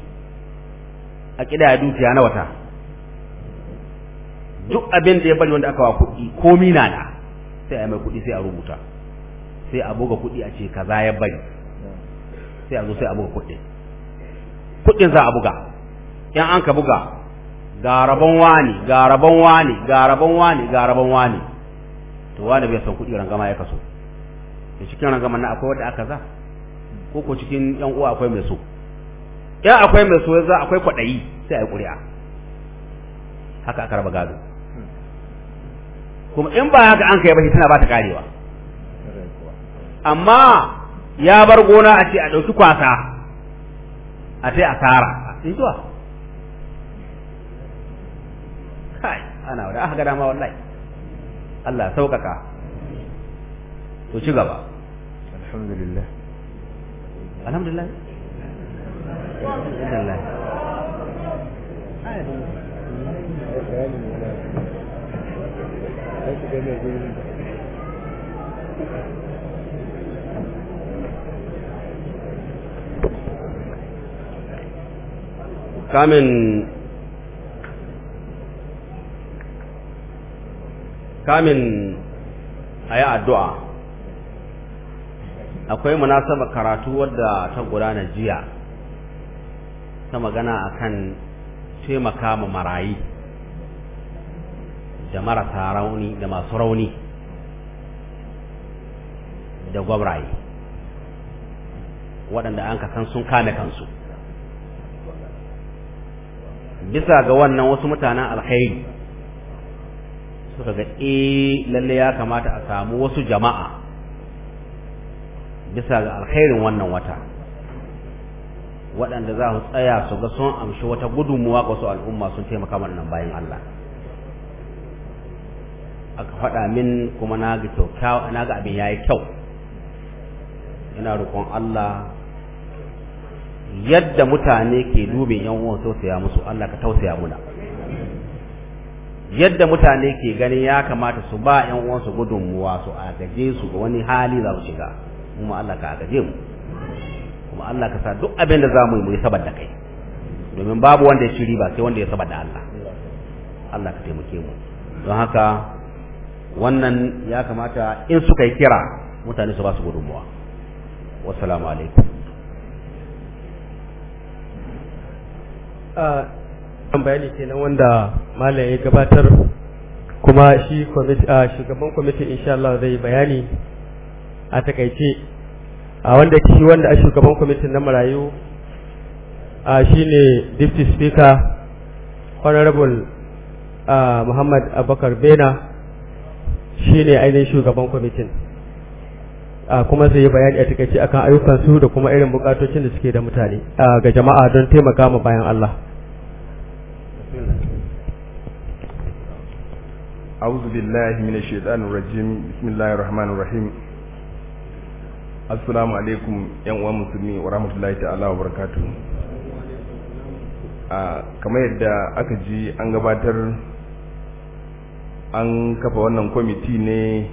a kida ya dukiya na wata duk abin da ya bari wanda aka wa kuɗi komi na na sai a mai kuɗi sai a rubuta sai a buga kuɗi a ce kaza ya bari sai a zo sai a buga kuɗi kuɗin za a buga in an ka buga ga rabon wani ga rabon wani ga rabon wani ga rabon wani to wani bai san kuɗi rangama ya kaso da cikin rangama na akwai wanda aka za ko ko cikin yan uwa akwai mai so ya akwai mai so za akwai kwaɗayi sai a yi ƙuri'a haka aka raba gado kuma in ba haka an kai ba tana ba ta karewa amma ya bar gona a ce a ɗauki kwasa a sai asara in zuwa kai ana wadda aka gada ma wallahi Allah sauƙaƙa to ci gaba alhamdulillah alhamdulillah alhamdulillah kamin kamin a yi addu'a akwai munasaba karatu wadda ta gudana jiya ta magana akan taimaka ma marayi da marasa rauni da masu rauni da gwabraye waɗanda an kasan sun kame kansu bisa ga wannan wasu mutanen alkhairi suka ga e lalle ya kamata a samu wasu jama'a bisa ga alkhairin wannan wata waɗanda za su tsaya su ga sun amshi wata gudunmuwa ga wasu al'umma sun taimaka wannan bayan Allah aka faɗa min kuma na ga kyau na ga abin yayi kyau ina roƙon Allah yadda mutane ke dubin yan uwan tausaya musu Allah ka tausaya muna yadda mutane ke ganin ya kamata su ba yan uwansu gudunmuwa su agaje su ga wani hali za su shiga kuma Allah ka agaje mu kuma Allah ka sa duk abin da zamu yi mu yi da kai domin babu wanda ya shiri ba sai wanda ya da Allah Allah ka taimake mu don haka wannan ya kamata in suka yi kira mutane su ba su gudunmuwa wassalamu alaikum a ah, bayani kenan wanda malam ya gabatar kuma shi ah, shugaban kwamitin insha Allah zai bayani a takaice a ah, wanda shi wanda a shugaban kwamitin na marayu a ne deputy speaker honorable Muhammad Abubakar Bena shi ne ainihin shugaban kwamitin kuma zai yi bayani a takaice akan ayyukansu da kuma irin bukatocin da suke da mutane ga jama'a don taimaka ma bayan Allah أعوذ بالله من الشيطان الرجيم بسم الله الرحمن الرحيم السلام عليكم يا مسلمين ورحمة الله تعالى وبركاته kamar yadda aka ji an gabatar an kafa wannan kwamiti ne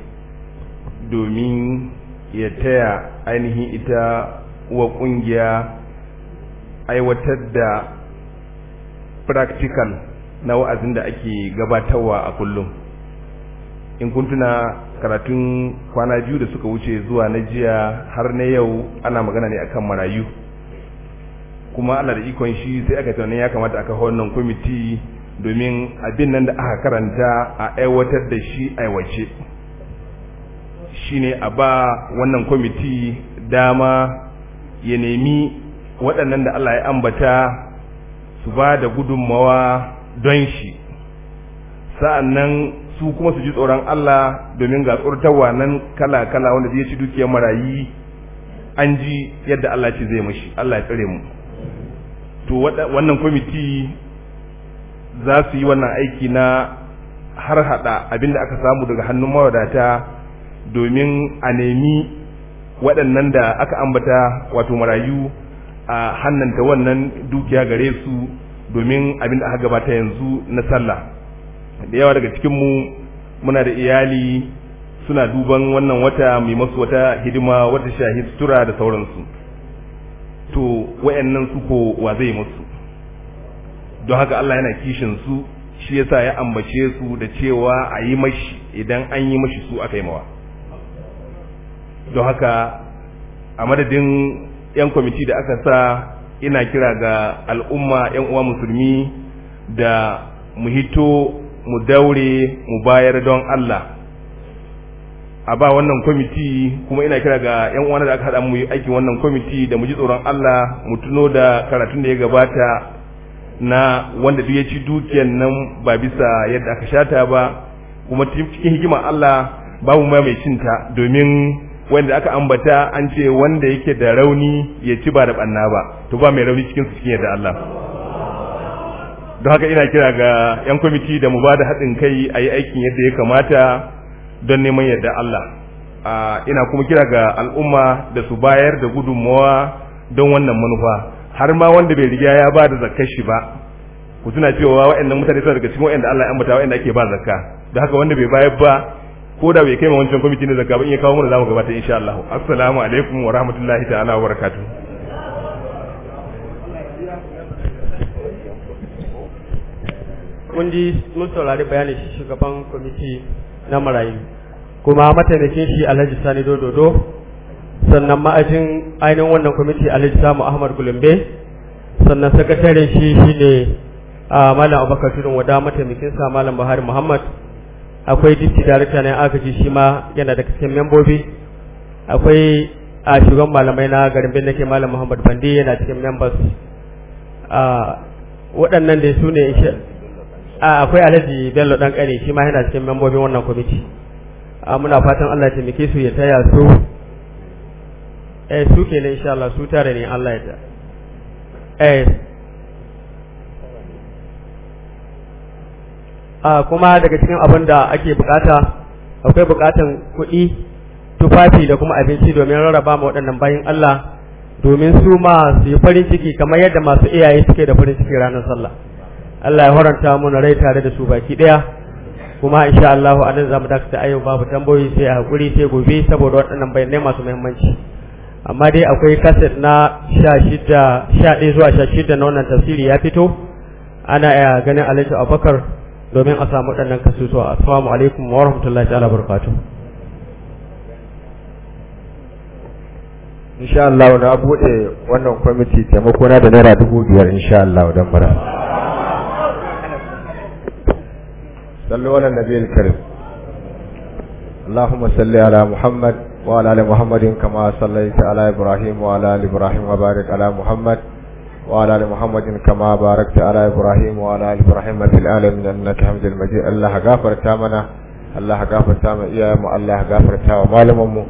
domin ya taya ainihin ita uwa kungiya aiwatar da practical na wa'azin da ake gabatarwa a kullum in kuntuna karatun kwana biyu da suka wuce zuwa na jiya har na yau ana magana ne akan marayu kuma ana da ikon shi sai aka tunanin ya kamata aka wannan kwamiti domin abin nan da aka karanta a aiwatar da shi aiwace shine a ba wannan kwamiti dama ya nemi waɗannan da Allah ya ambata su ba da gudunmawa don shi sa'annan su kuma su ji tsoron Allah domin ga tsortawa nan kala-kala wanda zai ci dukiyar marayi an ji yadda Allah ce zai mashi Allah ya tsare mu to wannan kwamiti za su yi wannan aiki na har hada abin da aka samu daga hannun mawadata domin a nemi waɗannan da aka ambata wato marayu a hannanta wannan dukiya gare su domin abin da aka gabata yanzu na sallah da yawa daga cikinmu muna da iyali suna duban wannan wata mai masu wata hidima wata shahi sutura da sauransu to wayannan su ko wa zai masu. don haka Allah yana kishin su shi yasa ya ambace su da cewa a yi mashi idan an yi mashi su aka yi mawa don haka a madadin 'yan kwamiti da aka sa ina kira ga al'umma 'yan uwa musulmi da mu hito mu daure mu bayar don Allah a ba wannan kwamiti kuma ina kira ga 'yan uwa da aka haɗa mu yi aikin wannan kwamiti da mu ji tsoron Allah mu tuno da karatun da ya gabata na wanda duk ya ci dukiyar nan ba bisa yadda aka shata ba kuma cikin hikima Allah babu ma mai cinta domin wanda aka ambata an ce wanda yake da rauni ya ci ba da banna ba to ba mai rauni cikin cikin yadda Allah don haka ina kira ga yan kwamiti da mu ba da haɗin kai a yi aikin yadda ya kamata don neman yadda Allah ah, ina kuma kira ga al'umma da su bayar da gudunmawa don wannan manufa har ma wanda bai riga ya ba da zakar shi ba ku tuna cewa waɗannan mutane suna daga cikin waɗanda Allah ya ambata waɗanda ake ba zakka da haka wanda bai bayar ba ko da bai kai ma wancan kwamiti ne zakka ba in ya kawo mana zamu gabata insha Allah assalamu alaikum wa rahmatullahi ta'ala wa barakatuh mun ji mun saurari bayani shi shugaban kwamiti na marayu kuma mataimakin shi alhaji sani dododo sannan ma'ajin ainihin wannan kwamiti alhaji samu ahmad gulumbe sannan sakataren shi shine a malam abubakar turin wada mataimakin sa malam buhari muhammad akwai dipti darakta na agaji shi ma yana da cikin membobi akwai a shugaban malamai na garin bin nake malam muhammad bandi yana cikin members a waɗannan da su ne a akwai alhaji bello dan kane shi ma yana cikin membobin wannan kwamiti muna fatan allah ya taimake su ya taya su eh su kenan insha Allah su tare ne Allah ya ta eh a kuma daga cikin abin da ake bukata akwai bukatan kuɗi tufafi da kuma abinci domin rarraba ma waɗannan bayan Allah domin su ma su yi farin ciki kamar yadda masu iyaye suke da farin ciki ranar sallah Allah ya horanta mana rai tare da su baki ɗaya kuma insha Allah a nan za mu dakata ayyau babu tambayoyi sai a hakuri sai gobe saboda waɗannan bayanai masu muhimmanci amma dai akwai kaset na sha shida sha ɗaya zuwa sha shida na wannan tafsiri ya fito ana iya eh, ganin alhaji abubakar domin a samu ɗannan kasusuwa assalamu alaikum wa rahmatullahi ta'ala barkatu. insha Allah na bude wannan kwamiti taimako na da naira dubu biyar insha Allah don bara sallu ala nabiyil karim اللهم صل على محمد وعلى آل محمد كما صليت على إبراهيم وعلى آل إبراهيم وبارك على محمد وعلى آل محمد كما باركت على إبراهيم وعلى آل إبراهيم في العالمين إنك حميد مجيد الله غافر تامنا Allah mu iyayenmu Allah gafarta wa malamanmu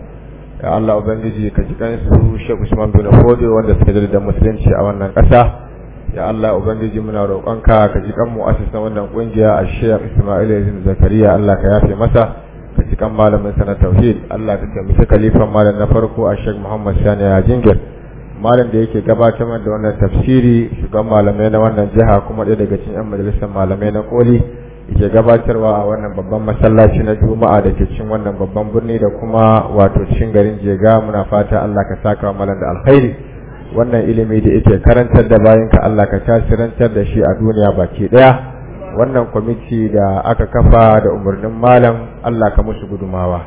ya Allah ubangiji ka ji kansu Sheikh Usman bin Fodo wanda suka da musulunci a wannan kasa. ya Allah ubangiji muna roƙonka ka ji kanmu asisan wannan kungiya a Sheikh Ismail bin Zakariya Allah ka yafe masa ka cikan malamin na tauhid Allah ta taimaki kalifan malam na farko a Sheikh Muhammad Sani a jingir malam da yake gabatar da wannan tafsiri shugaban malamai na wannan jiha kuma ɗaya daga cikin yan majalisar malamai na koli yake gabatarwa a wannan babban masallaci na juma'a da ke cikin wannan babban birni da kuma wato cikin garin jega muna fata Allah ka saka malam da alkhairi wannan ilimi da yake karantar da bayan ka Allah ka tasirantar da shi a duniya baki ɗaya wannan kwamiti da aka kafa da umarnin malam Allah ka musu gudumawa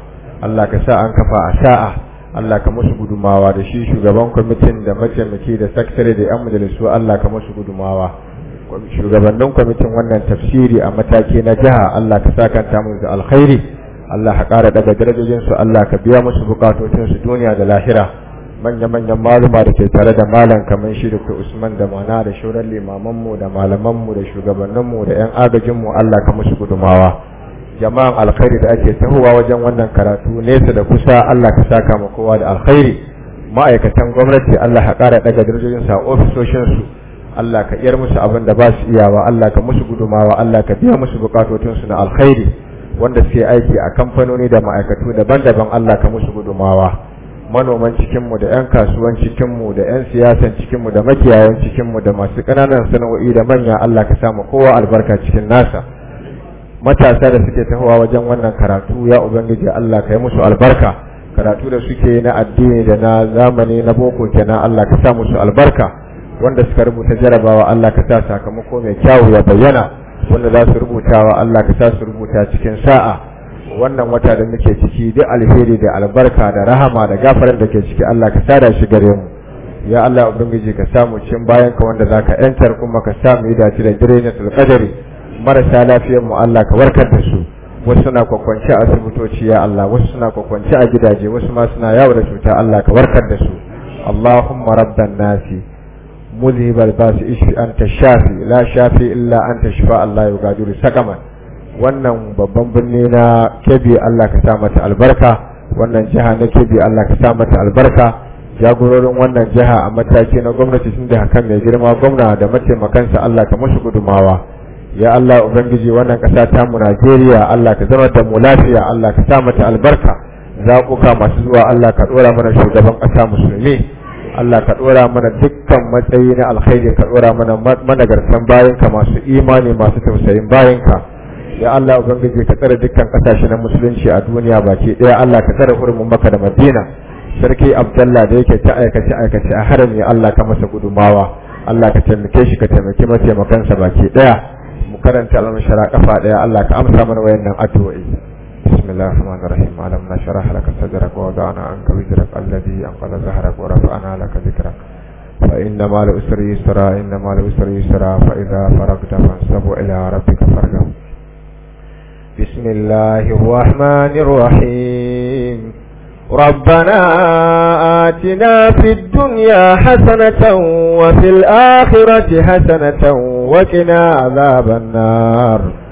Allah ka sa an kafa a sa'a Allah ka musu gudumawa da shi shugaban kwamitin da mataimaki da sakatare da yan majalisu Allah ka musu gudumawa shugabannin kwamitin wannan tafsiri a mataki na jiha Allah ka sakanta musu alkhairi Allah ka ƙara daga darajojinsu Allah ka biya musu bukatotinsu duniya da lahira manya-manyan maluma da ke tare da malam kamar shi da usman da mana da shuran limamanmu da malamanmu da shugabanninmu da 'yan agajinmu allah ka musu gudumawa jama'an alkhairi da ake tahowa wajen wannan karatu nesa da kusa allah ka saka ma kowa da alkhairi ma'aikatan gwamnati allah ka ƙara daga darajojinsu a ofisoshinsu allah ka iyar musu abin da ba su iyawa allah ka musu gudumawa allah ka biya musu su na alkhairi wanda suke aiki a kamfanoni da ma'aikatu daban-daban allah ka musu gudumawa manoman cikinmu da 'yan kasuwan cikinmu da 'yan siyasan cikinmu da makiyayan cikinmu da masu ƙananan sana'o'i da manya Allah ka samu kowa albarka cikin nasa matasa da suke tahowa wajen wannan karatu ya ubangiji Allah ka yi musu albarka karatu da suke na addini da na zamani na boko kenan Allah ka sa musu albarka wanda suka rubuta jarabawa Allah ka sa sakamako mai kyawu ya bayyana wanda za su rubutawa Allah ka sa su rubuta cikin sa'a wannan wata da muke ciki duk alheri da albarka da rahama da gafarar da ke ciki Allah ka sada shi gare mu ya Allah ubangiji ka samu cin bayan ka wanda zaka yantar kuma ka samu dace da direnatul qadari marasa lafiyar mu Allah ka warkar da su wasu suna kwakwance a asibitoci ya Allah wasu suna kwakwance a gidaje wasu ma suna yawo da cuta Allah ka warkar da su Allahumma rabban nasi مذهب الباس اشفي أنت الشافي لا شافي إلا أنت شفاء لا يغادر سقما wannan babban birni na kebi Allah ka sa mata albarka wannan jiha na kebi Allah ka sa mata albarka jagororin wannan jiha a mataki na gwamnati sun da hakan mai girma gwamna da mataimakansa Allah ka mashi gudumawa ya Allah ubangiji wannan kasa ta mu Najeriya Allah ka zama da mu lafiya Allah ka sa mata albarka zakuka masu zuwa Allah ka dora mana shugaban kasa musulmi Allah ka dora mana dukkan matsayi na alkhairi ka dora mana managartan bayanka masu imani masu tausayin ka. ya Allah ubangiji ka tsare dukkan kasashe na musulunci a duniya baki daya Allah ka tsare hurumin Makka da Madina sarki Abdullah da yake ta aikace aikace a harami Allah ka masa gudumawa Allah ka taimake shi ka taimake mataimakansa baki daya mu karanta al-mashara kafa daya Allah ka amsa mana wayannan addu'o'i بسم الله الرحمن الرحيم ألم نشرح لك صدرك ووضعنا عنك وزرك الذي أنقل ظهرك ورفعنا لك ذكرك فإن مع العسر يسرا إن مع العسر يسرا فإذا فرغت فانصب إلى ربك فارغب بسم الله الرحمن الرحيم ربنا آتنا في الدنيا حسنة وفي الآخرة حسنة وقنا عذاب النار